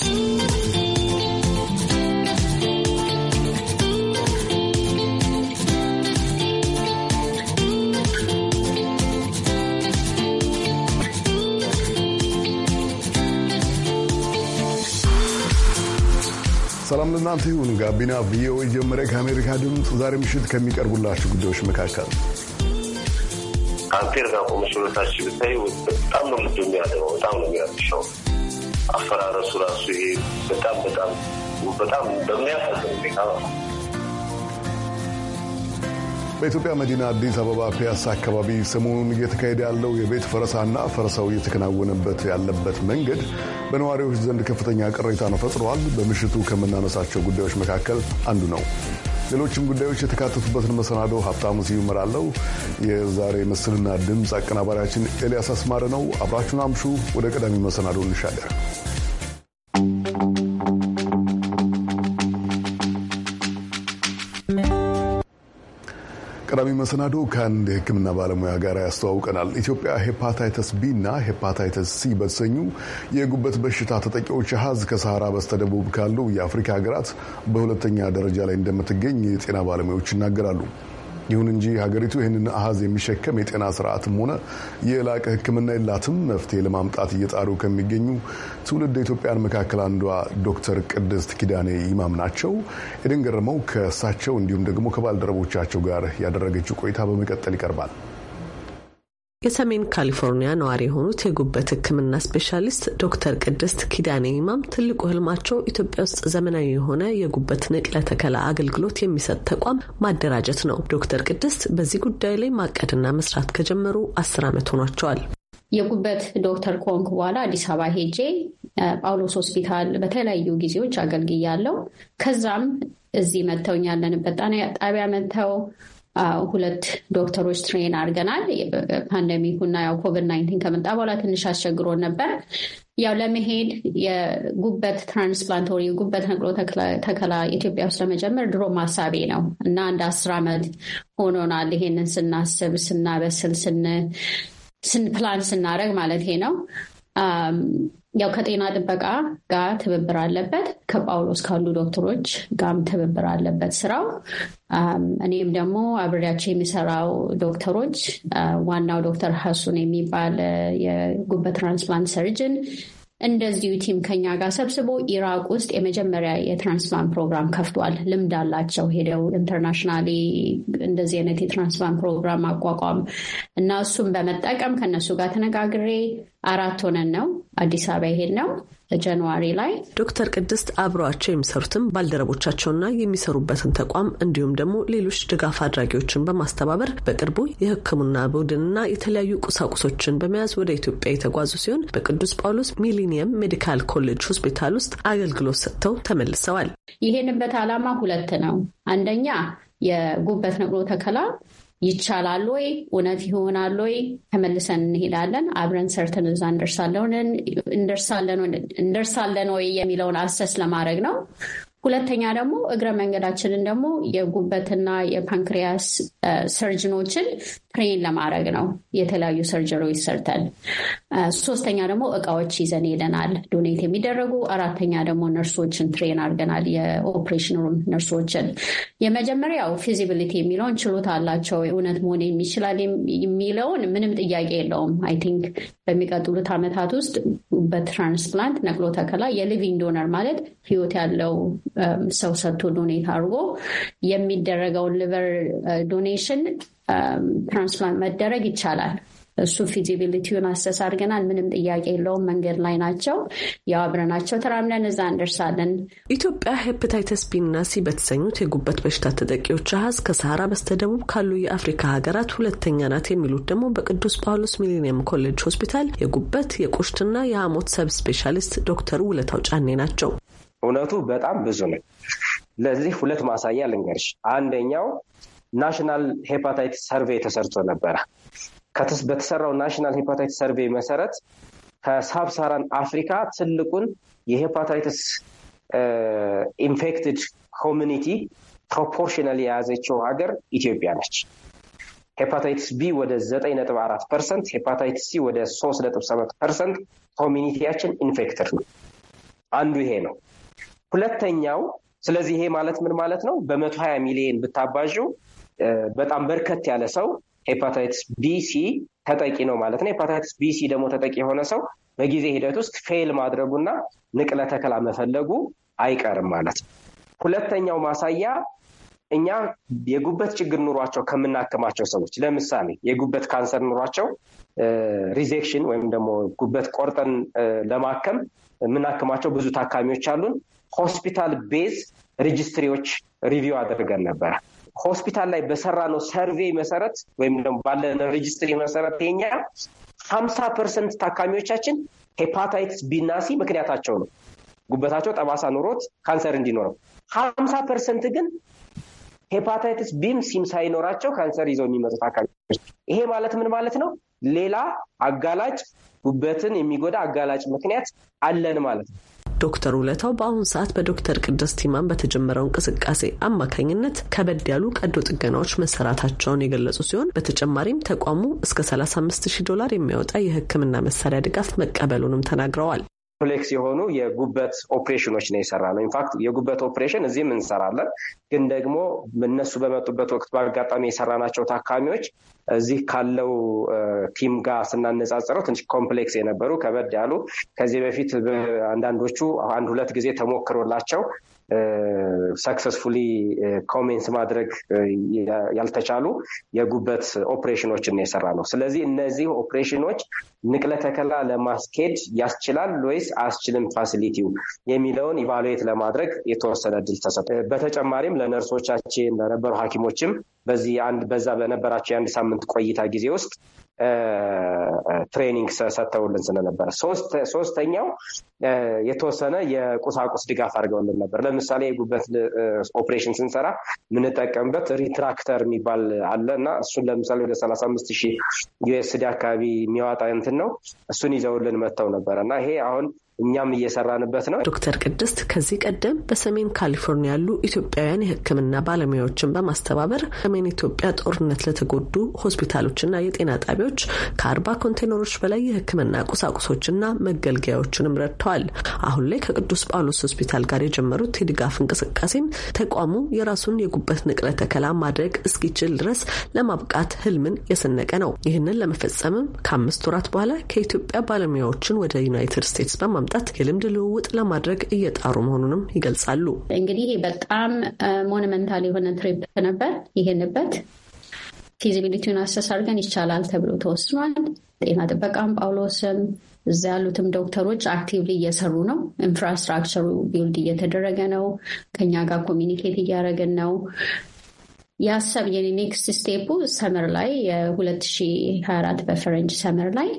ሰላም ለእናንተ ይሁን። ጋቢና ቪኦኤ ጀመረ። ከአሜሪካ ድምፅ ዛሬ ምሽት ከሚቀርቡላችሁ ጉዳዮች መካከል ካንቴር ጋር ቆመሽ ብታይ በጣም ነው ምድ የሚያደበው በጣም ነው የሚያሻው አፈራረሱ ራሱ ይሄ በጣም በጣም በጣም በሚያሳዝን ሁኔታ በኢትዮጵያ መዲና አዲስ አበባ ፒያሳ አካባቢ ሰሞኑን እየተካሄደ ያለው የቤት ፈረሳና ፈረሳው እየተከናወነበት ያለበት መንገድ በነዋሪዎች ዘንድ ከፍተኛ ቅሬታን ፈጥሯል። በምሽቱ ከምናነሳቸው ጉዳዮች መካከል አንዱ ነው። ሌሎችም ጉዳዮች የተካተቱበትን መሰናዶ ሀብታሙ ስዩም እመራለሁ። የዛሬ ምስልና ድምፅ አቀናባሪያችን ኤልያስ አስማረ ነው። አብራችሁን አምሹ። ወደ ቀዳሚ መሰናዶ እንሻገር። ቀዳሚ መሰናዶ ከአንድ የሕክምና ባለሙያ ጋር ያስተዋውቀናል። ኢትዮጵያ ሄፓታይተስ ቢ እና ሄፓታይተስ ሲ በተሰኙ የጉበት በሽታ ተጠቂዎች አሃዝ ከሰሃራ በስተደቡብ ካሉ የአፍሪካ ሀገራት በሁለተኛ ደረጃ ላይ እንደምትገኝ የጤና ባለሙያዎች ይናገራሉ። ይሁን እንጂ ሀገሪቱ ይህንን አሀዝ የሚሸከም የጤና ስርዓትም ሆነ የላቀ ሕክምና የላትም። መፍትሄ ለማምጣት እየጣሩ ከሚገኙ ትውልድ ኢትዮጵያን መካከል አንዷ ዶክተር ቅድስት ኪዳኔ ይማም ናቸው። ኤደን ገረመው ከእሳቸው እንዲሁም ደግሞ ከባልደረቦቻቸው ጋር ያደረገችው ቆይታ በመቀጠል ይቀርባል። የሰሜን ካሊፎርኒያ ነዋሪ የሆኑት የጉበት ሕክምና ስፔሻሊስት ዶክተር ቅድስት ኪዳኔ ይማም ትልቁ ህልማቸው ኢትዮጵያ ውስጥ ዘመናዊ የሆነ የጉበት ንቅለ ተከላ አገልግሎት የሚሰጥ ተቋም ማደራጀት ነው። ዶክተር ቅድስት በዚህ ጉዳይ ላይ ማቀድና መስራት ከጀመሩ አስር ዓመት ሆኗቸዋል። የጉበት ዶክተር ኮንክ በኋላ አዲስ አበባ ሄጄ ጳውሎስ ሆስፒታል በተለያዩ ጊዜዎች አገልግያለሁ። ከዛም እዚህ መጥተው ያለንበት ጣቢያ መጥተው ሁለት ዶክተሮች ትሬን አድርገናል። ፓንደሚኩና ያው ኮቪድ ናይንቲን ከመጣ በኋላ ትንሽ አስቸግሮ ነበር። ያው ለመሄድ የጉበት ትራንስፕላንት ወር የጉበት ነቅሎ ተከላ ኢትዮጵያ ውስጥ ለመጀመር ድሮ ማሳቤ ነው እና አንድ አስር ዓመት ሆኖናል። ይሄንን ስናስብ ስናበስል፣ ስንፕላን ፕላን ስናደርግ ማለት ነው ያው ከጤና ጥበቃ ጋር ትብብር አለበት። ከጳውሎስ ካሉ ዶክተሮች ጋርም ትብብር አለበት ስራው። እኔም ደግሞ አብሬያቸው የሚሰራው ዶክተሮች ዋናው ዶክተር ሀሱን የሚባል የጉበት ትራንስፕላንት ሰርጅን እንደዚሁ ቲም ከኛ ጋር ሰብስቦ ኢራቅ ውስጥ የመጀመሪያ የትራንስፕላንት ፕሮግራም ከፍቷል። ልምድ አላቸው ሄደው ኢንተርናሽናሊ እንደዚህ አይነት የትራንስፕላንት ፕሮግራም አቋቋም እና እሱን በመጠቀም ከነሱ ጋር ተነጋግሬ አራት ሆነን ነው አዲስ አበባ ይሄድ ነው ጃንዋሪ ላይ። ዶክተር ቅድስት አብረዋቸው የሚሰሩትን ባልደረቦቻቸውና የሚሰሩበትን ተቋም እንዲሁም ደግሞ ሌሎች ድጋፍ አድራጊዎችን በማስተባበር በቅርቡ የሕክምና ቡድንና የተለያዩ ቁሳቁሶችን በመያዝ ወደ ኢትዮጵያ የተጓዙ ሲሆን በቅዱስ ጳውሎስ ሚሊኒየም ሜዲካል ኮሌጅ ሆስፒታል ውስጥ አገልግሎት ሰጥተው ተመልሰዋል። ይሄንበት ዓላማ ሁለት ነው። አንደኛ የጉበት ነቅሎ ተከላ ይቻላል ወይ? እውነት ይሆናል ወይ? ተመልሰን እንሄዳለን፣ አብረን ሰርተን እዛ እንደርሳለን ወይ የሚለውን አሰስ ለማድረግ ነው። ሁለተኛ ደግሞ እግረ መንገዳችንን ደግሞ የጉበትና የፓንክሪያስ ሰርጅኖችን ትሬን ለማድረግ ነው። የተለያዩ ሰርጀሮች ሰርተን ሶስተኛ ደግሞ እቃዎች ይዘን ሄደናል ዶኔት የሚደረጉ አራተኛ ደግሞ ነርሶችን ትሬን አድርገናል፣ የኦፕሬሽን ሩም ነርሶችን። የመጀመሪያው ፊዚቢሊቲ የሚለውን ችሎታ አላቸው እውነት መሆን የሚችላል የሚለውን ምንም ጥያቄ የለውም። አይ ቲንክ በሚቀጥሉት አመታት ውስጥ በትራንስፕላንት ነቅሎ ተከላ የሊቪንግ ዶነር ማለት ህይወት ያለው ሰው ሰጥቶ ዶኔት አድርጎ የሚደረገውን ሊቨር ዶኔሽን ትራንስፕላንት መደረግ ይቻላል። እሱን ፊዚቢሊቲውን አሰስ አድርገናል። ምንም ጥያቄ የለውም። መንገድ ላይ ናቸው። ያው አብረናቸው ተራምለን እዛ እንደርሳለን። ኢትዮጵያ ሄፕታይተስ ቢና ሲ በተሰኙት የጉበት በሽታ ተጠቂዎች አሀዝ ከሰሃራ በስተደቡብ ካሉ የአፍሪካ ሀገራት ሁለተኛ ናት የሚሉት ደግሞ በቅዱስ ጳውሎስ ሚሊኒየም ኮሌጅ ሆስፒታል የጉበት የቆሽትና የሐሞት ሰብ ስፔሻሊስት ዶክተር ውለታው ጫኔ ናቸው። እውነቱ በጣም ብዙ ነው። ለዚህ ሁለት ማሳያ ልንገርሽ። አንደኛው ናሽናል ሄፓታይትስ ሰርቬይ ተሰርቶ ነበረ። በተሰራው ናሽናል ሄፓታይትስ ሰርቬይ መሰረት ከሳብሳራን አፍሪካ ትልቁን የሄፓታይትስ ኢንፌክትድ ኮሚኒቲ ፕሮፖርሽናል የያዘችው ሀገር ኢትዮጵያ ነች። ሄፓታይትስ ቢ ወደ ዘጠኝ ነጥብ አራት ፐርሰንት፣ ሄፓታይትስ ሲ ወደ ሶስት ነጥብ ሰባት ፐርሰንት ኮሚኒቲያችን ኢንፌክትድ ነው። አንዱ ይሄ ነው። ሁለተኛው ስለዚህ ይሄ ማለት ምን ማለት ነው? በመቶ ሀያ ሚሊየን ብታባዡ በጣም በርከት ያለ ሰው ሄፓታይትስ ቢሲ ተጠቂ ነው ማለት ነው። ሄፓታይትስ ቢሲ ደግሞ ተጠቂ የሆነ ሰው በጊዜ ሂደት ውስጥ ፌል ማድረጉና ንቅለ ተከላ መፈለጉ አይቀርም ማለት ነው። ሁለተኛው ማሳያ እኛ የጉበት ችግር ኑሯቸው ከምናክማቸው ሰዎች ለምሳሌ የጉበት ካንሰር ኑሯቸው ሪዜክሽን ወይም ደግሞ ጉበት ቆርጠን ለማከም የምናክማቸው ብዙ ታካሚዎች አሉን። ሆስፒታል ቤዝ ሬጅስትሪዎች ሪቪው አድርገን ነበር። ሆስፒታል ላይ በሰራነው ሰርቬይ መሰረት ወይም ደግሞ ባለን ሬጅስትሪ መሰረት የኛ ሀምሳ ፐርሰንት ታካሚዎቻችን ሄፓታይትስ ቢና ሲ ምክንያታቸው ነው ጉበታቸው ጠባሳ ኖሮት ካንሰር እንዲኖረው። ሀምሳ ፐርሰንት ግን ሄፓታይትስ ቢም ሲም ሳይኖራቸው ካንሰር ይዘው የሚመጡ ታካሚዎች። ይሄ ማለት ምን ማለት ነው? ሌላ አጋላጭ ጉበትን የሚጎዳ አጋላጭ ምክንያት አለን ማለት ነው። ዶክተር ውለታው በአሁኑ ሰዓት በዶክተር ቅድስ ቲማን በተጀመረው እንቅስቃሴ አማካኝነት ከበድ ያሉ ቀዶ ጥገናዎች መሰራታቸውን የገለጹ ሲሆን በተጨማሪም ተቋሙ እስከ 35 ዶላር የሚያወጣ የሕክምና መሳሪያ ድጋፍ መቀበሉንም ተናግረዋል። ኮምፕሌክስ የሆኑ የጉበት ኦፕሬሽኖች ነው የሰራ ነው። ኢንፋክት የጉበት ኦፕሬሽን እዚህም እንሰራለን፣ ግን ደግሞ እነሱ በመጡበት ወቅት በአጋጣሚ የሰራናቸው ታካሚዎች እዚህ ካለው ቲም ጋር ስናነጻጽረው ትንሽ ኮምፕሌክስ የነበሩ ከበድ ያሉ ከዚህ በፊት አንዳንዶቹ አንድ ሁለት ጊዜ ተሞክሮላቸው ሰክሰስፉሊ ኮሜንት ማድረግ ያልተቻሉ የጉበት ኦፕሬሽኖችን የሰራ ነው። ስለዚህ እነዚህ ኦፕሬሽኖች ንቅለ ተከላ ለማስኬድ ያስችላል ወይስ አያስችልም ፋሲሊቲው የሚለውን ኢቫሉዌት ለማድረግ የተወሰነ እድል ተሰጥቶ በተጨማሪም ለነርሶቻችን ለነበሩ ሐኪሞችም በዚህ አንድ በዛ በነበራቸው የአንድ ሳምንት ሳምንት ቆይታ ጊዜ ውስጥ ትሬኒንግ ሰጥተውልን ስለነበረ፣ ሶስተኛው የተወሰነ የቁሳቁስ ድጋፍ አድርገውልን ነበር። ለምሳሌ የጉበት ኦፕሬሽን ስንሰራ የምንጠቀምበት ሪትራክተር የሚባል አለ እና እሱን ለምሳሌ ወደ ሰላሳ አምስት ሺህ ዩኤስዲ አካባቢ የሚያወጣ እንትን ነው። እሱን ይዘውልን መጥተው ነበረ እና ይሄ አሁን እኛም እየሰራንበት ነው። ዶክተር ቅድስት ከዚህ ቀደም በሰሜን ካሊፎርኒያ ያሉ ኢትዮጵያውያን የሕክምና ባለሙያዎችን በማስተባበር ሰሜን ኢትዮጵያ ጦርነት ለተጎዱ ሆስፒታሎችና የጤና ጣቢያዎች ከአርባ ኮንቴነሮች በላይ የሕክምና ቁሳቁሶችና መገልገያዎችንም ረድተዋል። አሁን ላይ ከቅዱስ ጳውሎስ ሆስፒታል ጋር የጀመሩት የድጋፍ እንቅስቃሴም ተቋሙ የራሱን የጉበት ንቅለ ተከላ ማድረግ እስኪችል ድረስ ለማብቃት ህልምን የሰነቀ ነው። ይህንን ለመፈጸምም ከአምስት ወራት በኋላ ከኢትዮጵያ ባለሙያዎችን ወደ ዩናይትድ ስቴትስ በማምጣ በማምጣት የልምድ ልውውጥ ለማድረግ እየጣሩ መሆኑንም ይገልጻሉ። እንግዲህ በጣም ሞኑመንታል የሆነ ትሪፕ ነበር። ይሄንበት ፊዚቢሊቲውን አስተሳርገን ይቻላል ተብሎ ተወስኗል። ጤና ጥበቃም ጳውሎስም እዛ ያሉትም ዶክተሮች አክቲቭሊ እየሰሩ ነው። ኢንፍራስትራክቸሩ ቢልድ እየተደረገ ነው። ከኛ ጋር ኮሚኒኬት እያደረግን ነው። ያሰብ የኔክስት ስቴፑ ሰመር ላይ የ2024 በፈረንጅ ሰመር ላይ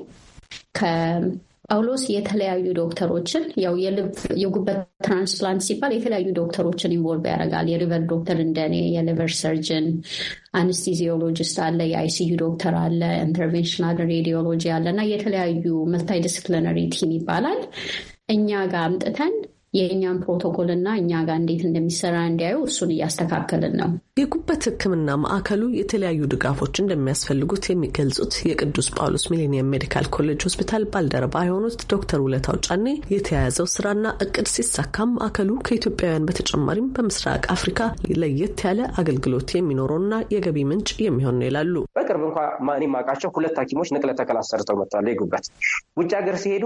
ጳውሎስ የተለያዩ ዶክተሮችን ያው የልብ የጉበት ትራንስፕላንት ሲባል የተለያዩ ዶክተሮችን ኢንቮልቭ ያደርጋል። የሊቨር ዶክተር እንደኔ፣ የሊቨር ሰርጅን፣ አንስቲዚዮሎጂስት አለ፣ የአይሲዩ ዶክተር አለ፣ ኢንተርቬንሽናል ሬዲዮሎጂ አለ እና የተለያዩ ዲስፕሊነሪ ቲም ይባላል እኛ ጋር አምጥተን የእኛን ፕሮቶኮል እና እኛ ጋር እንዴት እንደሚሰራ እንዲያዩ እሱን እያስተካከልን ነው። የጉበት ሕክምና ማዕከሉ የተለያዩ ድጋፎች እንደሚያስፈልጉት የሚገልጹት የቅዱስ ጳውሎስ ሚሊኒየም ሜዲካል ኮሌጅ ሆስፒታል ባልደረባ የሆኑት ዶክተር ውለታው ጫኔ የተያያዘው ስራና እቅድ ሲሳካም ማዕከሉ ከኢትዮጵያውያን በተጨማሪም በምስራቅ አፍሪካ ለየት ያለ አገልግሎት የሚኖረውና የገቢ ምንጭ የሚሆን ነው ይላሉ። በቅርብ እንኳ ማኔ ማቃቸው ሁለት ሐኪሞች ንቅለ ተከላ ሰርተው መጥተዋል። የጉበት ውጭ ሀገር ሲሄዱ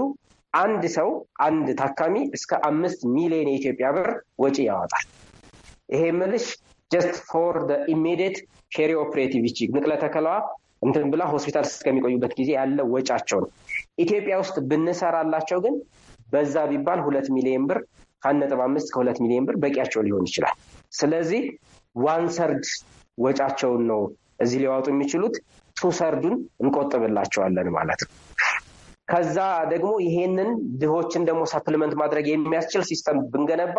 አንድ ሰው አንድ ታካሚ እስከ አምስት ሚሊዮን የኢትዮጵያ ብር ወጪ ያወጣል። ይሄ ምልሽ ጀስት ፎር ኢሚዲየት ፔሪ ኦፕሬቲቭ ይቺ ንቅለ ተከላዋ እንትን ብላ ሆስፒታል እስከሚቆዩበት ጊዜ ያለ ወጫቸው ነው። ኢትዮጵያ ውስጥ ብንሰራላቸው ግን በዛ ቢባል ሁለት ሚሊዮን ብር ከአንድ ነጥብ አምስት ከሁለት ሚሊዮን ብር በቂያቸው ሊሆን ይችላል። ስለዚህ ዋን ሰርድ ወጫቸውን ነው እዚህ ሊዋጡ የሚችሉት ቱ ሰርዱን እንቆጥብላቸዋለን ማለት ነው። ከዛ ደግሞ ይሄንን ድሆችን ደግሞ ሰፕልመንት ማድረግ የሚያስችል ሲስተም ብንገነባ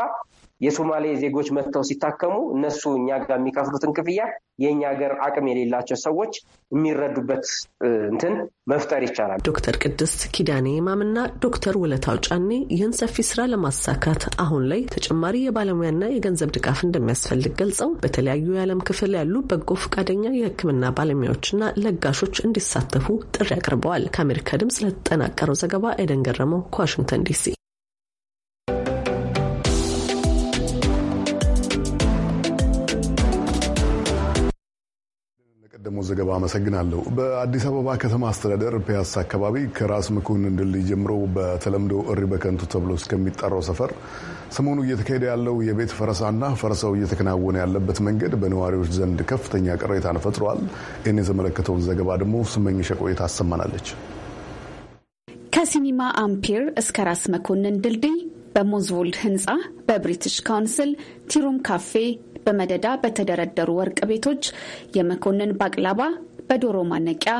የሶማሌ ዜጎች መጥተው ሲታከሙ እነሱ እኛ ጋር የሚከፍሉትን ክፍያ የእኛ ሀገር አቅም የሌላቸው ሰዎች የሚረዱበት እንትን መፍጠር ይቻላል። ዶክተር ቅድስት ኪዳኔ ማምና ዶክተር ውለታው ጫኔ ይህን ሰፊ ስራ ለማሳካት አሁን ላይ ተጨማሪ የባለሙያና የገንዘብ ድጋፍ እንደሚያስፈልግ ገልጸው በተለያዩ የዓለም ክፍል ያሉ በጎ ፈቃደኛ የሕክምና ባለሙያዎችና ለጋሾች እንዲሳተፉ ጥሪ አቅርበዋል። ከአሜሪካ ድምጽ ለተጠናቀረው ዘገባ ኤደን ገረመው ከዋሽንግተን ዲሲ ቀደሞ ዘገባ አመሰግናለሁ። በአዲስ አበባ ከተማ አስተዳደር ፒያሳ አካባቢ ከራስ መኮንን ድልድይ ጀምሮ በተለምዶ እሪ በከንቱ ተብሎ እስከሚጠራው ሰፈር ሰሞኑ እየተካሄደ ያለው የቤት ፈረሳና ፈረሳው እየተከናወነ ያለበት መንገድ በነዋሪዎች ዘንድ ከፍተኛ ቅሬታን ፈጥሯል። ይህን የተመለከተውን ዘገባ ደግሞ ስመኝሸ ቆይታ አሰማናለች። ከሲኒማ አምፒር እስከ ራስ መኮንን ድልድይ በሞዝቮልድ ህንፃ፣ በብሪቲሽ ካውንስል፣ ቲሩም ካፌ በመደዳ በተደረደሩ ወርቅ ቤቶች የመኮንን ባቅላባ፣ በዶሮ ማነቂያ፣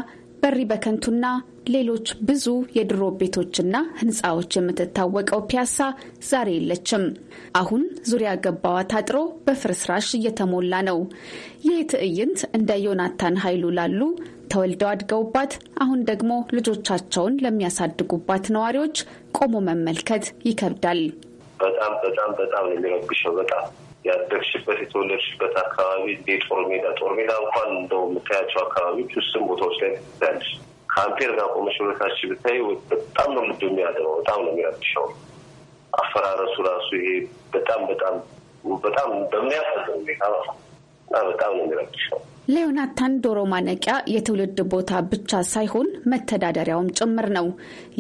በሪ በከንቱና ሌሎች ብዙ የድሮ ቤቶችና ህንፃዎች የምትታወቀው ፒያሳ ዛሬ የለችም። አሁን ዙሪያ ገባዋ ታጥሮ በፍርስራሽ እየተሞላ ነው። ይህ ትዕይንት እንደ ዮናታን ኃይሉ ላሉ ተወልደው አድገውባት አሁን ደግሞ ልጆቻቸውን ለሚያሳድጉባት ነዋሪዎች ቆሞ መመልከት ይከብዳል። በጣም በጣም በጣም የሚረብሸው በጣም ያደግሽበት የተወለድሽበት አካባቢ እንደ ጦር ሜዳ ጦር ሜዳ እንኳን እንደው የምታያቸው አካባቢዎች ውስን ቦታዎች ላይ ትታያለሽ። ከአምፔር ጋር ቆመሽ በታች ብታይ በጣም ነው ምድ የሚያደረው በጣም ነው የሚያሻው አፈራረሱ ራሱ ይሄ በጣም በጣም በጣም በሚያሳዝን ሁኔታ በጣም ነው የሚረብሸው። ለዮናታን ዶሮ ማነቂያ የትውልድ ቦታ ብቻ ሳይሆን መተዳደሪያውም ጭምር ነው።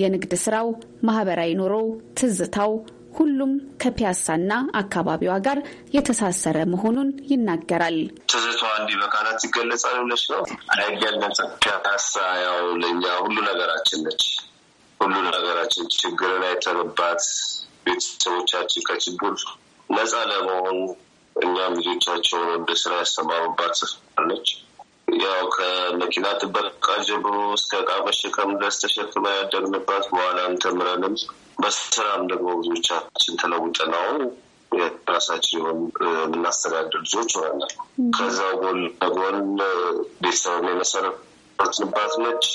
የንግድ ስራው፣ ማህበራዊ ኑሮው፣ ትዝታው ሁሉም ከፒያሳና አካባቢዋ ጋር የተሳሰረ መሆኑን ይናገራል። ትዝቷ እንዲህ በቃላት ይገለጻል ብለሽ ነው አይገለጽም። ፒያሳ ያው ለእኛ ሁሉ ነገራችን ነች። ሁሉ ነገራችን ችግርን አይተንባት ቤተሰቦቻችን ከችግር ነጻ ለመሆን እኛም ልጆቻቸውን ወደ ስራ ያስተማሩባት ስፍራ ነች። ያው ከመኪና ጥበቃ ጀምሮ እስከ እቃ መሸከም ድረስ ተሸክመ ያደግንባት በኋላም ተምረንም በስራም ደግሞ ብዙዎቻችን ተለውጠን አሁን የራሳችን የሆኑ የምናስተዳድር ልጆች ሆናል። ከዛው ጎን ለጎን ቤተሰብ የመሰረትንባት ነች።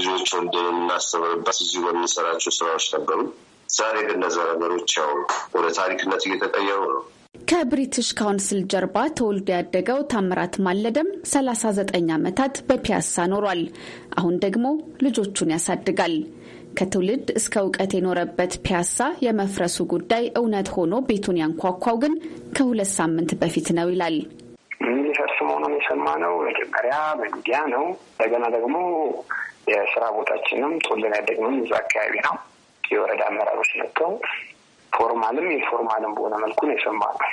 ልጆች ወንድ የምናስተምርበት እዚሁ የምንሰራቸው ስራዎች ነበሩ። ዛሬ ግን እነዛ ነገሮች ያው ወደ ታሪክነት እየተቀየሩ ነው። ከብሪቲሽ ካውንስል ጀርባ ተወልዶ ያደገው ታምራት ማለደም 39 ዓመታት በፒያሳ ኖሯል። አሁን ደግሞ ልጆቹን ያሳድጋል። ከትውልድ እስከ እውቀት የኖረበት ፒያሳ የመፍረሱ ጉዳይ እውነት ሆኖ ቤቱን ያንኳኳው ግን ከሁለት ሳምንት በፊት ነው ይላል። ሊፈርስ መሆኑን የሰማነው መጀመሪያ በሚዲያ ነው። እንደገና ደግሞ የስራ ቦታችንም ተወልደን ያደግነው እዛ አካባቢ ነው። የወረዳ አመራሮች መጥተው ፎርማልም ኢንፎርማልም በሆነ መልኩ ነው የሰማነው።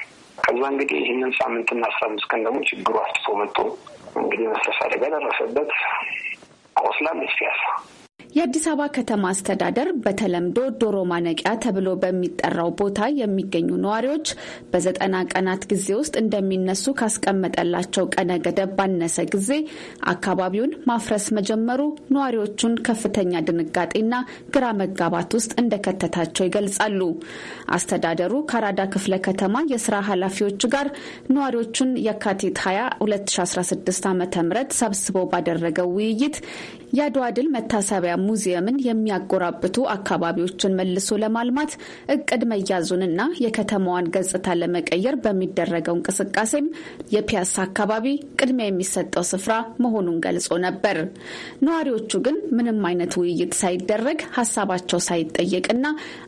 ከዛ እንግዲህ ይህንን ሳምንትና አስራ አምስት ቀን ደግሞ ችግሩ አስቶ መጥቶ እንግዲህ መሰስ አደጋ ደረሰበት። ቆስላ ምስያሳ የአዲስ አበባ ከተማ አስተዳደር በተለምዶ ዶሮ ማነቂያ ተብሎ በሚጠራው ቦታ የሚገኙ ነዋሪዎች በዘጠና ቀናት ጊዜ ውስጥ እንደሚነሱ ካስቀመጠላቸው ቀነ ገደብ ባነሰ ጊዜ አካባቢውን ማፍረስ መጀመሩ ነዋሪዎቹን ከፍተኛ ድንጋጤና ግራ መጋባት ውስጥ እንደከተታቸው ይገልጻሉ። አስተዳደሩ ከአራዳ ክፍለ ከተማ የስራ ኃላፊዎች ጋር ነዋሪዎቹን የካቲት 20 2016 ዓ ም ሰብስቦ ባደረገው ውይይት የአድዋ ድል መታሰቢያ ሙዚየምን የሚያጎራብቱ አካባቢዎችን መልሶ ለማልማት እቅድ መያዙንና የከተማዋን ገጽታ ለመቀየር በሚደረገው እንቅስቃሴም የፒያሳ አካባቢ ቅድሚያ የሚሰጠው ስፍራ መሆኑን ገልጾ ነበር። ነዋሪዎቹ ግን ምንም አይነት ውይይት ሳይደረግ ሀሳባቸው ሳይጠየቅና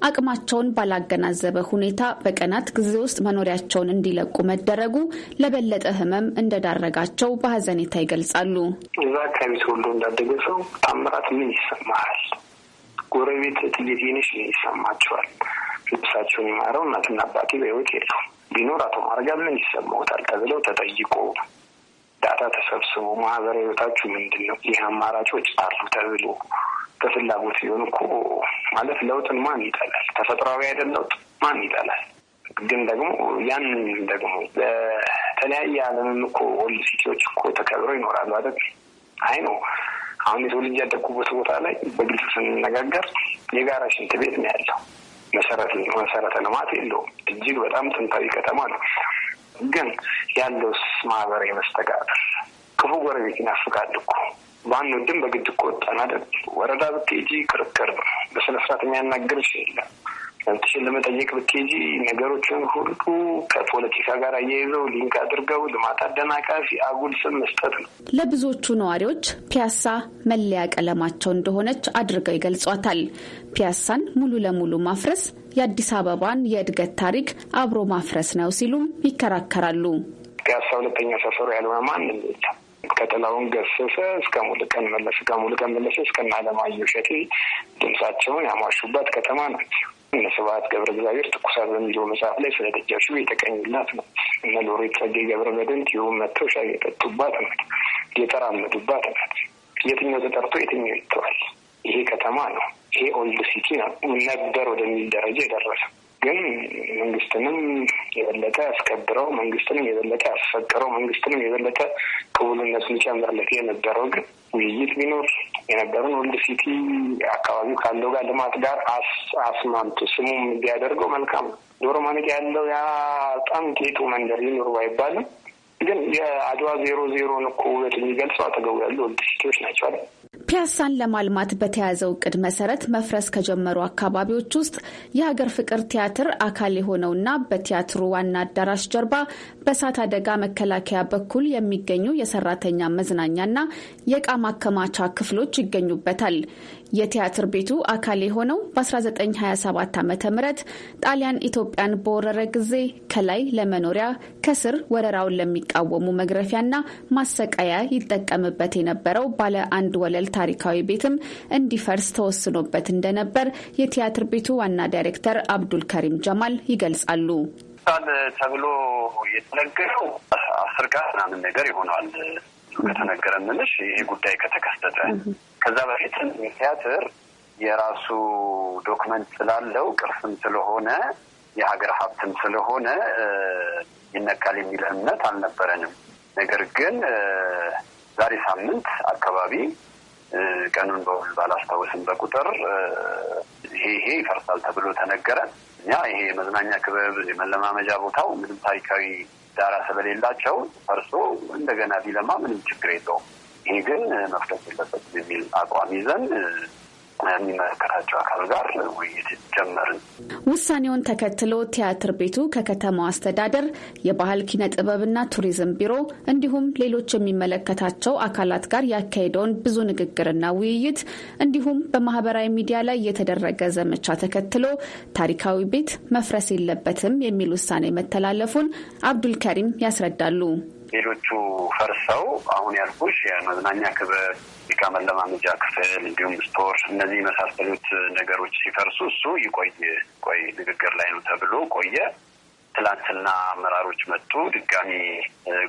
አቅማቸውን ባላገናዘበ ሁኔታ በቀናት ጊዜ ውስጥ መኖሪያቸውን እንዲለቁ መደረጉ ለበለጠ ህመም እንደዳረጋቸው በሀዘኔታ ይገልጻሉ። እዛ አካባቢ ተወልዶ እንዳደገ ሰው ታምራት ምን ይሰ ይጠቅመሃል። ጎረቤት እትዬ ነሽ ይሰማቸዋል። ልብሳቸውን የማረው እናትና አባቴ በህይወት የሉም ቢኖር አቶ ማርጋ ምን ይሰማውታል ተብለው ተጠይቆ ዳታ ተሰብስቦ ማህበራዊ ህይወታችሁ ምንድን ነው? ይህ አማራጮች አሉ ተብሎ በፍላጎት ቢሆን እኮ ማለት ለውጥን ማን ይጠላል? ተፈጥሯዊ አይደል ለውጥ ማን ይጠላል? ግን ደግሞ ያንን ደግሞ በተለያየ ዓለምም እኮ ወልድ ሲቲዎች እኮ ተከብረው ይኖራሉ አይደል? አይ ነው አሁን የሰው ልጅ ያደግኩበት ቦታ ላይ በግልጽ ስንነጋገር የጋራ ሽንት ቤት ነው ያለው። መሰረት መሰረተ ልማት የለውም። እጅግ በጣም ጥንታዊ ከተማ ነው። ግን ያለው ማህበር የመስተጋብር ክፉ ጎረቤት ይናፍቃል እኮ ወድም በግድ እኮ ወጣን አይደል። ወረዳ ብትሄጂ ክርክር ነው። በስነ ስርዓት የሚያናግርሽ የለም። መብትሽን ለመጠየቅ ብትሄጂ ነገሮችን ሁሉ ከፖለቲካ ጋር አያይዘው ሊንክ አድርገው ልማት አደናቃፊ አጉል ስም መስጠት ነው። ለብዙዎቹ ነዋሪዎች ፒያሳ መለያ ቀለማቸው እንደሆነች አድርገው ይገልጿታል። ፒያሳን ሙሉ ለሙሉ ማፍረስ የአዲስ አበባን የእድገት ታሪክ አብሮ ማፍረስ ነው ሲሉም ይከራከራሉ። ፒያሳ ሁለተኛ ሰፈሩ ያልሆነ ማን ከጥላሁን ገሰሰ እስከ ሙሉቀን መለሰ ከሙሉቀን መለሰ እስከ አለማየሁ እሸቴ ድምጻቸውን ያሟሹባት ከተማ ናቸው። ስብሐት ገብረ እግዚአብሔር ትኩሳት በሚለው መጽሐፍ ላይ ስለ ደጃሹ የተቀኙላት ነው። እነ ሎሬት ጸጋዬ ገብረ መድኅን ይሁ መጥተው ሻይ የጠጡባት ናት፣ የተራመዱባት ናት። የትኛው ተጠርቶ የትኛው ይተዋል? ይሄ ከተማ ነው፣ ይሄ ኦልድ ሲቲ ነው ነበር ወደሚል ደረጃ የደረሰ ግን መንግስትንም የበለጠ ያስከብረው መንግስትንም የበለጠ ያስፈቅረው መንግስትንም የበለጠ ክቡልነቱን ጨምርለት የነበረው ግን ውይይት ቢኖር የነበረን ወልድ ሲቲ አካባቢው ካለው ጋር ልማት ጋር አስማምቶ ስሙም ቢያደርገው መልካም ነው። ዶሮ ማነቂያ ያለው ያ በጣም ጌጡ መንደር ይኑር ባይባልም ግን የአድዋ ዜሮ ዜሮን እኮ ውበት የሚገልጸው አጠገቡ ያሉ ድርጅቶች ናቸው ፒያሳን ለማልማት በተያዘው እቅድ መሰረት መፍረስ ከጀመሩ አካባቢዎች ውስጥ የሀገር ፍቅር ቲያትር አካል የሆነውና በቲያትሩ ዋና አዳራሽ ጀርባ በእሳት አደጋ መከላከያ በኩል የሚገኙ የሰራተኛ መዝናኛና የእቃ ማከማቻ ክፍሎች ይገኙበታል። የቲያትር ቤቱ አካል የሆነው በ1927 ዓ ም ጣሊያን ኢትዮጵያን በወረረ ጊዜ ከላይ ለመኖሪያ ከስር ወረራውን ለሚቃወሙ መግረፊያና ማሰቃያ ይጠቀምበት የነበረው ባለ አንድ ወለል ታሪካዊ ቤትም እንዲፈርስ ተወስኖበት እንደነበር የቲያትር ቤቱ ዋና ዳይሬክተር አብዱል ከሪም ጀማል ይገልጻሉ። ሳል ተብሎ የተነገረው አስር ጋር ምናምን ነገር ይሆናል ከተነገረ ምንሽ ይሄ ጉዳይ ከተከሰተ ከዛ በፊትም የቲያትር የራሱ ዶክመንት ስላለው ቅርስም ስለሆነ የሀገር ሀብትም ስለሆነ ይነካል የሚል እምነት አልነበረንም። ነገር ግን ዛሬ ሳምንት አካባቢ ቀኑን በውል ባላስታውስም በቁጥር ይሄ ይሄ ይፈርሳል ተብሎ ተነገረ። እኛ ይሄ የመዝናኛ ክበብ የመለማመጃ ቦታው ምንም ታሪካዊ ዳራ ስለሌላቸው ፈርሶ እንደገና ቢለማ ምንም ችግር የለውም ይሄ ግን መፍጠት የለበት የሚል አቋም ይዘን የሚመለከታቸው አካል ጋር ውይይት ጀመርን። ውሳኔውን ተከትሎ ቲያትር ቤቱ ከከተማው አስተዳደር፣ የባህል ኪነ ጥበብና ቱሪዝም ቢሮ እንዲሁም ሌሎች የሚመለከታቸው አካላት ጋር ያካሄደውን ብዙ ንግግርና ውይይት እንዲሁም በማህበራዊ ሚዲያ ላይ የተደረገ ዘመቻ ተከትሎ ታሪካዊ ቤት መፍረስ የለበትም የሚል ውሳኔ መተላለፉን አብዱልከሪም ያስረዳሉ። ሌሎቹ ፈርሰው አሁን ያልኩሽ የመዝናኛ ክበብ፣ ሙዚቃ መለማመጃ ክፍል እንዲሁም ስቶር፣ እነዚህ የመሳሰሉት ነገሮች ሲፈርሱ እሱ ይቆይ ቆይ ንግግር ላይ ነው ተብሎ ቆየ። ትላንትና አመራሮች መጡ፣ ድጋሚ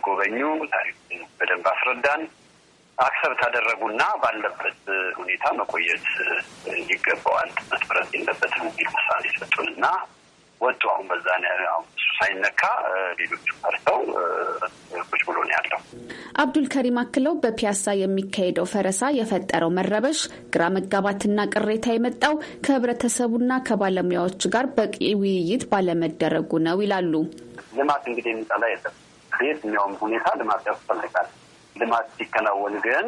ጎበኙ፣ ታሪክ በደንብ አስረዳን። አክሰብት አደረጉና ባለበት ሁኔታ መቆየት ይገባዋል፣ መፍረስ የለበትም የሚል ውሳኔ ሰጡን እና ወጡ። አሁን በዛ ሳይነካ ሌሎቹ ፈርተው ቁጭ ብሎ ነው ያለው። አብዱል ከሪም አክለው በፒያሳ የሚካሄደው ፈረሳ የፈጠረው መረበሽ፣ ግራ መጋባትና ቅሬታ የመጣው ከህብረተሰቡና ከባለሙያዎች ጋር በቂ ውይይት ባለመደረጉ ነው ይላሉ። ልማት እንግዲህ የሚጠላ የለም። በየትኛውም ሁኔታ ልማት ያስፈልጋል። ልማት ሲከናወን ግን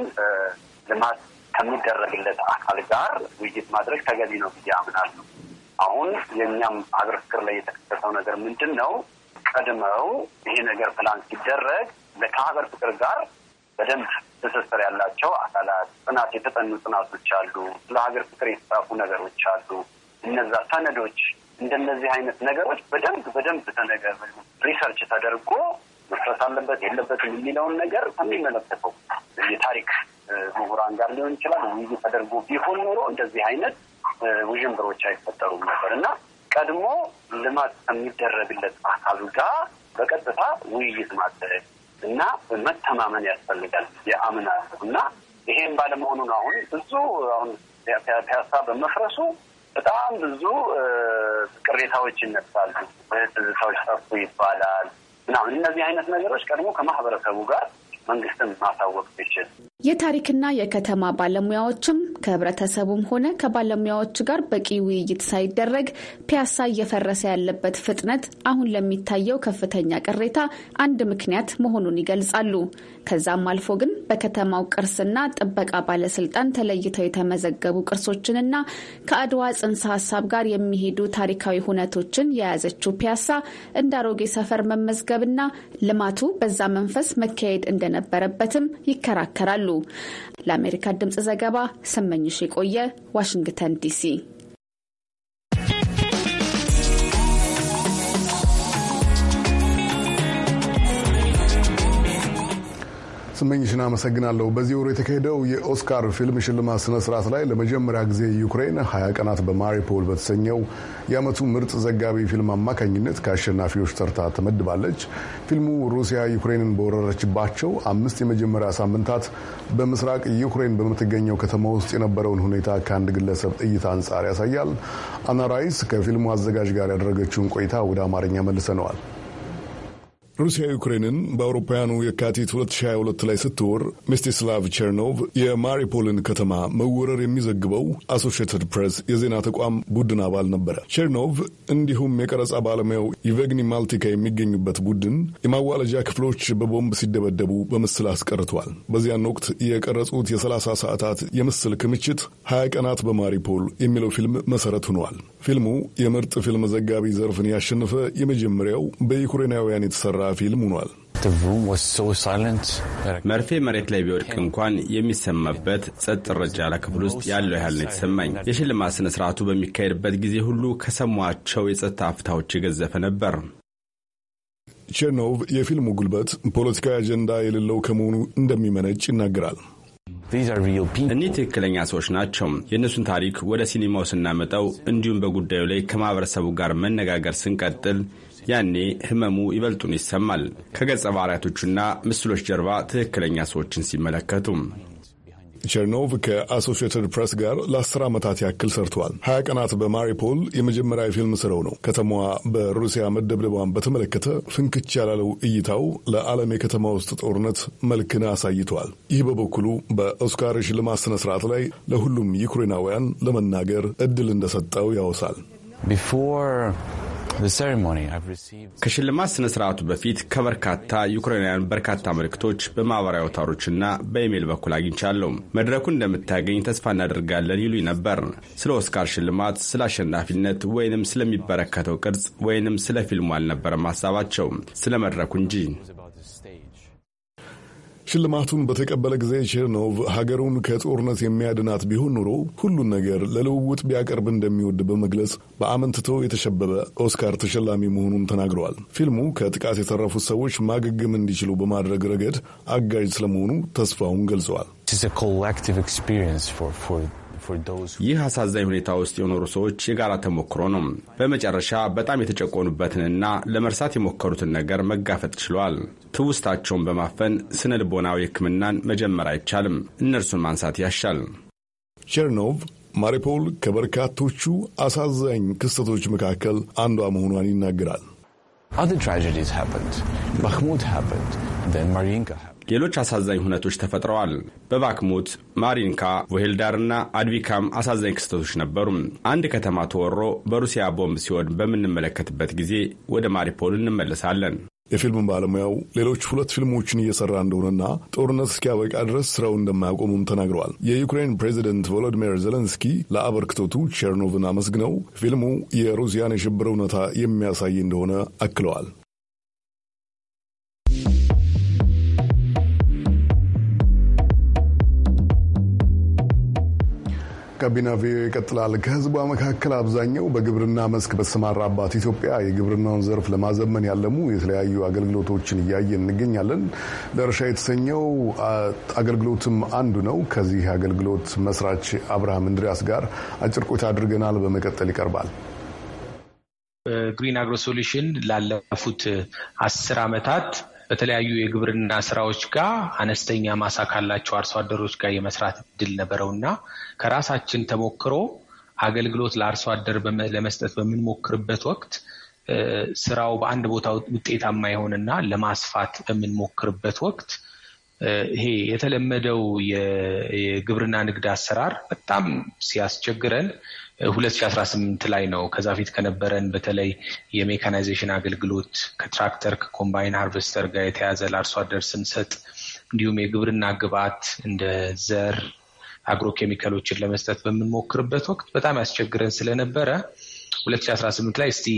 ልማት ከሚደረግለት አካል ጋር ውይይት ማድረግ ተገቢ ነው ብዬ አምናለሁ። አሁን የእኛም ፍቅር ላይ የተከሰተው ነገር ምንድን ነው? ቀድመው ይሄ ነገር ፕላን ሲደረግ ከሀገር ፍቅር ጋር በደንብ ትስስር ያላቸው አካላት ጥናት የተጠኑ ጥናቶች አሉ። ስለ ሀገር ፍቅር የተጻፉ ነገሮች አሉ። እነዛ ሰነዶች እንደነዚህ አይነት ነገሮች በደንብ በደንብ ተነገር ሪሰርች ተደርጎ መፍረስ አለበት የለበትም የሚለውን ነገር ከሚመለከተው የታሪክ ምሁራን ጋር ሊሆን ይችላል ውይይት ተደርጎ ቢሆን ኖሮ እንደዚህ አይነት ውዥንብሮች አይፈጠሩም ነበር እና ቀድሞ ልማት ከሚደረግለት አካል ጋር በቀጥታ ውይይት ማደረግ እና መተማመን ያስፈልጋል የአምና እና ይሄም ባለመሆኑ ነው አሁን ብዙ አሁን ፒያሳ በመፍረሱ በጣም ብዙ ቅሬታዎች ይነሳሉ። ትዝታዎች ጠፉ ይባላል ምናምን። እነዚህ አይነት ነገሮች ቀድሞ ከማህበረሰቡ ጋር መንግስትን ማሳወቅ ይችል የታሪክና የከተማ ባለሙያዎችም ከህብረተሰቡም ሆነ ከባለሙያዎች ጋር በቂ ውይይት ሳይደረግ ፒያሳ እየፈረሰ ያለበት ፍጥነት አሁን ለሚታየው ከፍተኛ ቅሬታ አንድ ምክንያት መሆኑን ይገልጻሉ። ከዛም አልፎ ግን በከተማው ቅርስና ጥበቃ ባለስልጣን ተለይተው የተመዘገቡ ቅርሶችንና ከአድዋ ጽንሰ ሀሳብ ጋር የሚሄዱ ታሪካዊ ሁነቶችን የያዘችው ፒያሳ እንደ አሮጌ ሰፈር መመዝገብና ልማቱ በዛ መንፈስ መካሄድ እንደነበረበትም ይከራከራሉ። ለአሜሪካ ድምፅ ዘገባ ስመኝሽ የቆየ ዋሽንግተን ዲሲ ስመኝሽን አመሰግናለሁ። በዚህ ወር የተካሄደው የኦስካር ፊልም ሽልማት ስነ ስርዓት ላይ ለመጀመሪያ ጊዜ ዩክሬን ሀያ ቀናት በማሪፖል በተሰኘው የዓመቱ ምርጥ ዘጋቢ ፊልም አማካኝነት ከአሸናፊዎች ተርታ ተመድባለች። ፊልሙ ሩሲያ ዩክሬንን በወረረችባቸው አምስት የመጀመሪያ ሳምንታት በምስራቅ ዩክሬን በምትገኘው ከተማ ውስጥ የነበረውን ሁኔታ ከአንድ ግለሰብ እይታ አንጻር ያሳያል። አናራይስ ከፊልሙ አዘጋጅ ጋር ያደረገችውን ቆይታ ወደ አማርኛ መልሰነዋል። ሩሲያ ዩክሬንን በአውሮፓውያኑ የካቲት 2022 ላይ ስትወር ሚስቲስላቭ ቸርኖቭ የማሪፖልን ከተማ መወረር የሚዘግበው አሶሽትድ ፕሬስ የዜና ተቋም ቡድን አባል ነበረ። ቸርኖቭ እንዲሁም የቀረጻ ባለሙያው ይቨግኒ ማልቲካ የሚገኙበት ቡድን የማዋለጃ ክፍሎች በቦምብ ሲደበደቡ በምስል አስቀርቷል። በዚያን ወቅት የቀረጹት የ30 ሰዓታት የምስል ክምችት 20 ቀናት በማሪፖል የሚለው ፊልም መሰረት ሆኗል። ፊልሙ የምርጥ ፊልም ዘጋቢ ዘርፍን ያሸነፈ የመጀመሪያው በዩክሬናውያን የተሰራ ፊልም ሆኗል። መርፌ መሬት ላይ ቢወድቅ እንኳን የሚሰማበት ጸጥ ረጭ ያለ ክፍል ውስጥ ያለው ያህል ነው የተሰማኝ። የሽልማት ስነ ስርዓቱ በሚካሄድበት ጊዜ ሁሉ ከሰሟቸው የጸጥታ አፍታዎች የገዘፈ ነበር። ቼርኖቭ የፊልሙ ጉልበት ፖለቲካዊ አጀንዳ የሌለው ከመሆኑ እንደሚመነጭ ይናገራል። እኒህ ትክክለኛ ሰዎች ናቸው። የእነሱን ታሪክ ወደ ሲኒማው ስናመጣው እንዲሁም በጉዳዩ ላይ ከማህበረሰቡ ጋር መነጋገር ስንቀጥል ያኔ ህመሙ ይበልጡን ይሰማል። ከገጸ ባህሪያቶቹና ምስሎች ጀርባ ትክክለኛ ሰዎችን ሲመለከቱ ቸርኖቭ ከአሶሽትድ ፕሬስ ጋር ለአስር ዓመታት ያክል ሰርተዋል። ሀያ ቀናት በማሪፖል የመጀመሪያ የፊልም ስራው ነው። ከተማዋ በሩሲያ መደብደቧን በተመለከተ ፍንክች ያላለው እይታው ለዓለም የከተማ ውስጥ ጦርነት መልክን አሳይተዋል። ይህ በበኩሉ በኦስካር ሽልማት ስነ ስርዓት ላይ ለሁሉም ዩክሬናውያን ለመናገር እድል እንደሰጠው ያወሳል። ከሽልማት ስነ ስርዓቱ በፊት ከበርካታ ዩክሬናውያን በርካታ ምልክቶች በማኅበራዊ አውታሮችና በኢሜይል በኩል አግኝቻለሁ። መድረኩን እንደምታገኝ ተስፋ እናደርጋለን ይሉኝ ነበር። ስለ ኦስካር ሽልማት፣ ስለ አሸናፊነት ወይንም ስለሚበረከተው ቅርጽ ወይንም ስለ ፊልሙ አልነበረም ሀሳባቸው ስለ መድረኩ እንጂ ሽልማቱን በተቀበለ ጊዜ ቼርኖቭ ሀገሩን ከጦርነት የሚያድናት ቢሆን ኑሮ ሁሉን ነገር ለልውውጥ ቢያቀርብ እንደሚወድ በመግለጽ በአመንትቶ የተሸበበ ኦስካር ተሸላሚ መሆኑን ተናግረዋል። ፊልሙ ከጥቃት የተረፉት ሰዎች ማገገም እንዲችሉ በማድረግ ረገድ አጋዥ ስለመሆኑ ተስፋውን ገልጸዋል። ይህ አሳዛኝ ሁኔታ ውስጥ የኖሩ ሰዎች የጋራ ተሞክሮ ነው። በመጨረሻ በጣም የተጨቆኑበትንና ለመርሳት የሞከሩትን ነገር መጋፈጥ ችለዋል። ትውስታቸውን በማፈን ስነ ልቦናዊ ሕክምናን መጀመር አይቻልም። እነርሱን ማንሳት ያሻል። ቸርኖቭ ማሪፖል ከበርካቶቹ አሳዛኝ ክስተቶች መካከል አንዷ መሆኗን ይናገራል። Other tragedies happened. Bakhmut happened. Then happened. ሌሎች አሳዛኝ ሁነቶች ተፈጥረዋል። በባክሙት ማሪንካ፣ ቮሄልዳርና አድቪካም አሳዛኝ ክስተቶች ነበሩም። አንድ ከተማ ተወሮ በሩሲያ ቦምብ ሲሆን በምንመለከትበት ጊዜ ወደ ማሪፖል እንመለሳለን። የፊልም ባለሙያው ሌሎች ሁለት ፊልሞችን እየሰራ እንደሆነና ጦርነት እስኪያበቃ ድረስ ስራው እንደማያቆሙም ተናግረዋል። የዩክሬን ፕሬዚደንት ቮሎዲሚር ዜሌንስኪ ለአበርክቶቱ ቼርኖቭን አመስግነው ፊልሙ የሩሲያን የሽብር እውነታ የሚያሳይ እንደሆነ አክለዋል። ጋቢና ቪኦኤ ይቀጥላል። ከህዝቧ መካከል አብዛኛው በግብርና መስክ በተሰማራባት ኢትዮጵያ የግብርናውን ዘርፍ ለማዘመን ያለሙ የተለያዩ አገልግሎቶችን እያየን እንገኛለን። ለእርሻ የተሰኘው አገልግሎትም አንዱ ነው። ከዚህ አገልግሎት መስራች አብርሃም እንድሪያስ ጋር አጭር ቆይታ አድርገናል። በመቀጠል ይቀርባል። ግሪን አግሮ ሶሉሽን ላለፉት አስር ዓመታት በተለያዩ የግብርና ስራዎች ጋር አነስተኛ ማሳ ካላቸው አርሶ አደሮች ጋር የመስራት እድል ነበረው እና ከራሳችን ተሞክሮ አገልግሎት ለአርሶ አደር ለመስጠት በምንሞክርበት ወቅት ስራው በአንድ ቦታ ውጤታማ የሆነና ለማስፋት በምንሞክርበት ወቅት ይሄ የተለመደው የግብርና ንግድ አሰራር በጣም ሲያስቸግረን 2018 ላይ ነው። ከዛ ፊት ከነበረን በተለይ የሜካናይዜሽን አገልግሎት ከትራክተር ከኮምባይን ሃርቨስተር ጋር የተያዘ ለአርሶ አደር ስንሰጥ፣ እንዲሁም የግብርና ግብዓት እንደ ዘር አግሮ ኬሚካሎችን ለመስጠት በምንሞክርበት ወቅት በጣም ያስቸግረን ስለነበረ 2018 ላይ እስቲ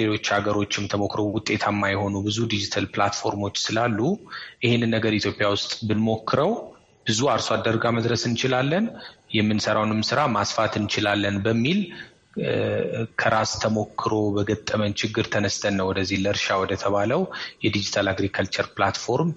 ሌሎች ሀገሮችም ተሞክሮ ውጤታማ የሆኑ ብዙ ዲጂታል ፕላትፎርሞች ስላሉ ይህንን ነገር ኢትዮጵያ ውስጥ ብንሞክረው ብዙ አርሶ አደር ጋር መድረስ እንችላለን፣ የምንሰራውንም ስራ ማስፋት እንችላለን በሚል ከራስ ተሞክሮ በገጠመን ችግር ተነስተን ነው ወደዚህ ለእርሻ ወደተባለው የዲጂታል አግሪካልቸር ፕላትፎርም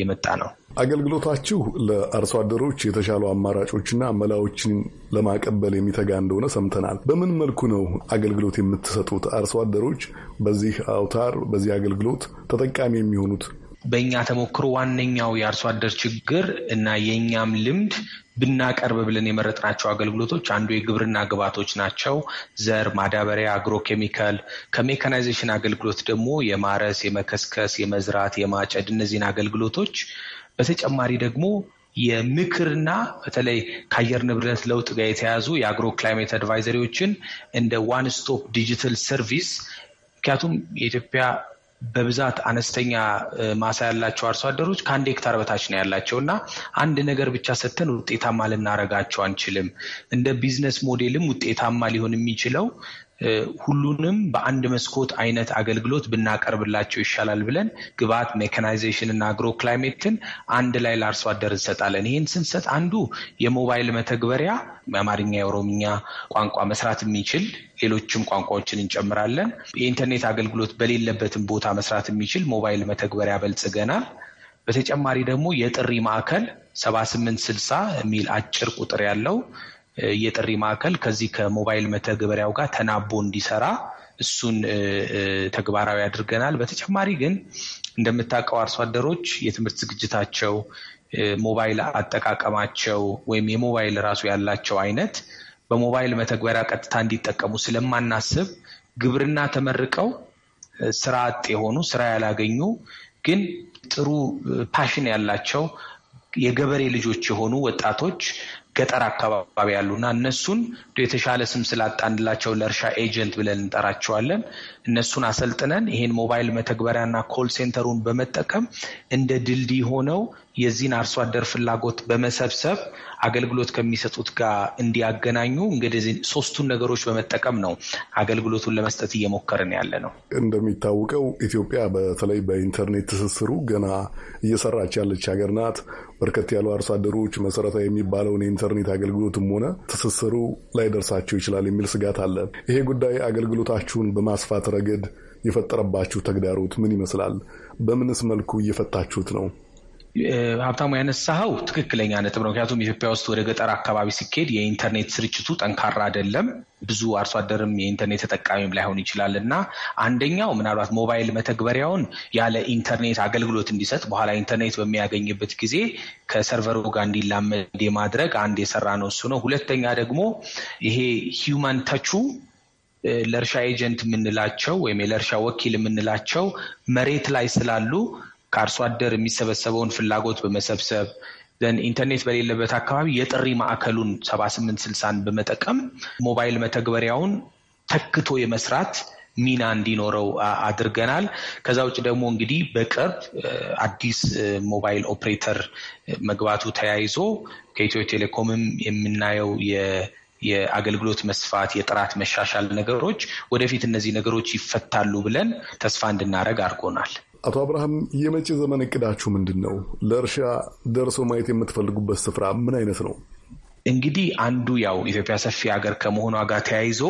የመጣ ነው። አገልግሎታችሁ ለአርሶ አደሮች የተሻሉ አማራጮችና መላዎችን ለማቀበል የሚተጋ እንደሆነ ሰምተናል። በምን መልኩ ነው አገልግሎት የምትሰጡት? አርሶ አደሮች በዚህ አውታር በዚህ አገልግሎት ተጠቃሚ የሚሆኑት በእኛ ተሞክሮ ዋነኛው የአርሶ አደር ችግር እና የእኛም ልምድ ብናቀርብ ብለን የመረጥናቸው አገልግሎቶች አንዱ የግብርና ግብዓቶች ናቸው። ዘር፣ ማዳበሪያ፣ አግሮ ኬሚካል። ከሜካናይዜሽን አገልግሎት ደግሞ የማረስ፣ የመከስከስ፣ የመዝራት፣ የማጨድ እነዚህን አገልግሎቶች በተጨማሪ ደግሞ የምክርና በተለይ ከአየር ንብረት ለውጥ ጋር የተያዙ የአግሮ ክላይሜት አድቫይዘሪዎችን እንደ ዋን ስቶፕ ዲጂታል ሰርቪስ ምክንያቱም የኢትዮጵያ በብዛት አነስተኛ ማሳ ያላቸው አርሶ አደሮች ከአንድ ሄክታር በታች ነው ያላቸው እና አንድ ነገር ብቻ ሰጥተን ውጤታማ ልናረጋቸው አንችልም። እንደ ቢዝነስ ሞዴልም ውጤታማ ሊሆን የሚችለው ሁሉንም በአንድ መስኮት አይነት አገልግሎት ብናቀርብላቸው ይሻላል ብለን ግብአት ሜካናይዜሽን እና አግሮ ክላይሜትን አንድ ላይ ለአርሶ አደር እንሰጣለን። ይህን ስንሰጥ አንዱ የሞባይል መተግበሪያ የአማርኛ፣ የኦሮምኛ ቋንቋ መስራት የሚችል ሌሎችም ቋንቋዎችን እንጨምራለን። የኢንተርኔት አገልግሎት በሌለበትም ቦታ መስራት የሚችል ሞባይል መተግበሪያ በልጽገናል። በተጨማሪ ደግሞ የጥሪ ማዕከል ሰባ ስምንት ስልሳ የሚል አጭር ቁጥር ያለው የጥሪ ማዕከል ከዚህ ከሞባይል መተግበሪያው ጋር ተናቦ እንዲሰራ እሱን ተግባራዊ አድርገናል። በተጨማሪ ግን እንደምታውቀው አርሶ አደሮች የትምህርት ዝግጅታቸው፣ ሞባይል አጠቃቀማቸው ወይም የሞባይል ራሱ ያላቸው አይነት በሞባይል መተግበሪያ ቀጥታ እንዲጠቀሙ ስለማናስብ ግብርና ተመርቀው ስራ አጥ የሆኑ ስራ ያላገኙ ግን ጥሩ ፓሽን ያላቸው የገበሬ ልጆች የሆኑ ወጣቶች ገጠር አካባቢ ያሉ እና እነሱን የተሻለ ስም ስላጣንላቸው ለእርሻ ኤጀንት ብለን እንጠራቸዋለን። እነሱን አሰልጥነን ይሄን ሞባይል መተግበሪያና ኮል ሴንተሩን በመጠቀም እንደ ድልድይ ሆነው የዚህን አርሶ አደር ፍላጎት በመሰብሰብ አገልግሎት ከሚሰጡት ጋር እንዲያገናኙ እንግዲህ ሶስቱን ነገሮች በመጠቀም ነው አገልግሎቱን ለመስጠት እየሞከርን ያለ ነው። እንደሚታወቀው ኢትዮጵያ በተለይ በኢንተርኔት ትስስሩ ገና እየሰራች ያለች ሀገር ናት። በርከት ያሉ አርሶ አደሮች መሰረታዊ የሚባለውን የኢንተርኔት አገልግሎትም ሆነ ትስስሩ ላይደርሳቸው ይችላል የሚል ስጋት አለ። ይሄ ጉዳይ አገልግሎታችሁን በማስፋት ረገድ የፈጠረባችሁ ተግዳሮት ምን ይመስላል? በምንስ መልኩ እየፈታችሁት ነው? ሀብታሙ ያነሳኸው ትክክለኛ ነጥብ ነው። ምክንያቱም ኢትዮጵያ ውስጥ ወደ ገጠር አካባቢ ሲኬድ የኢንተርኔት ስርጭቱ ጠንካራ አይደለም። ብዙ አርሶ አደርም የኢንተርኔት ተጠቃሚም ላይሆን ይችላል እና አንደኛው ምናልባት ሞባይል መተግበሪያውን ያለ ኢንተርኔት አገልግሎት እንዲሰጥ በኋላ ኢንተርኔት በሚያገኝበት ጊዜ ከሰርቨሩ ጋር እንዲላመድ የማድረግ አንድ የሰራ ነው እሱ ነው። ሁለተኛ ደግሞ ይሄ ሂውማን ተቹ ለእርሻ ኤጀንት የምንላቸው ወይም ለእርሻ ወኪል የምንላቸው መሬት ላይ ስላሉ ከአርሶ አደር የሚሰበሰበውን ፍላጎት በመሰብሰብ ዘን ኢንተርኔት በሌለበት አካባቢ የጥሪ ማዕከሉን ሰባ ስምንት ስልሳን በመጠቀም ሞባይል መተግበሪያውን ተክቶ የመስራት ሚና እንዲኖረው አድርገናል። ከዛ ውጭ ደግሞ እንግዲህ በቅርብ አዲስ ሞባይል ኦፕሬተር መግባቱ ተያይዞ ከኢትዮ ቴሌኮምም የምናየው የአገልግሎት መስፋት፣ የጥራት መሻሻል ነገሮች ወደፊት እነዚህ ነገሮች ይፈታሉ ብለን ተስፋ እንድናደርግ አድርጎናል። አቶ አብርሃም የመጪ ዘመን እቅዳችሁ ምንድን ነው? ለእርሻ ደርሶ ማየት የምትፈልጉበት ስፍራ ምን አይነት ነው? እንግዲህ አንዱ ያው ኢትዮጵያ ሰፊ ሀገር ከመሆኗ ጋር ተያይዞ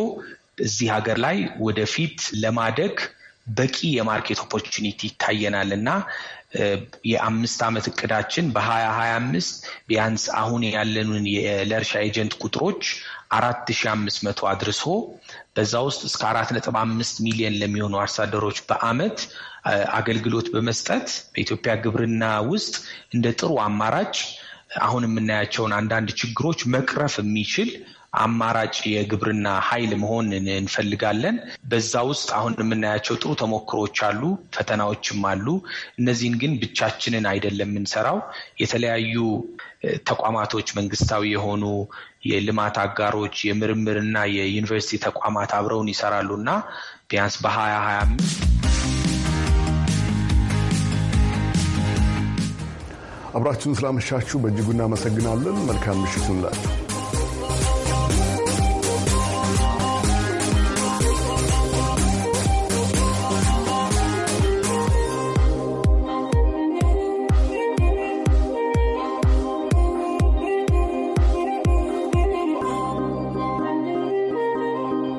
እዚህ ሀገር ላይ ወደፊት ለማደግ በቂ የማርኬት ኦፖርቹኒቲ ይታየናል እና የአምስት ዓመት እቅዳችን በሀያ ሀያ አምስት ቢያንስ አሁን ያለንን ለእርሻ ኤጀንት ቁጥሮች አራት ሺ አምስት መቶ አድርሶ በዛ ውስጥ እስከ አራት ነጥብ አምስት ሚሊዮን ለሚሆኑ አርሶ አደሮች አገልግሎት በመስጠት በኢትዮጵያ ግብርና ውስጥ እንደ ጥሩ አማራጭ አሁን የምናያቸውን አንዳንድ ችግሮች መቅረፍ የሚችል አማራጭ የግብርና ኃይል መሆን እንፈልጋለን። በዛ ውስጥ አሁን የምናያቸው ጥሩ ተሞክሮች አሉ፣ ፈተናዎችም አሉ። እነዚህን ግን ብቻችንን አይደለም የምንሰራው። የተለያዩ ተቋማቶች መንግስታዊ የሆኑ የልማት አጋሮች፣ የምርምርና የዩኒቨርሲቲ ተቋማት አብረውን ይሰራሉ እና ቢያንስ በሀያ ሀያ አብራችሁን ስላመሻችሁ በእጅጉ እናመሰግናለን። መልካም ምሽት ይሁንላችሁ።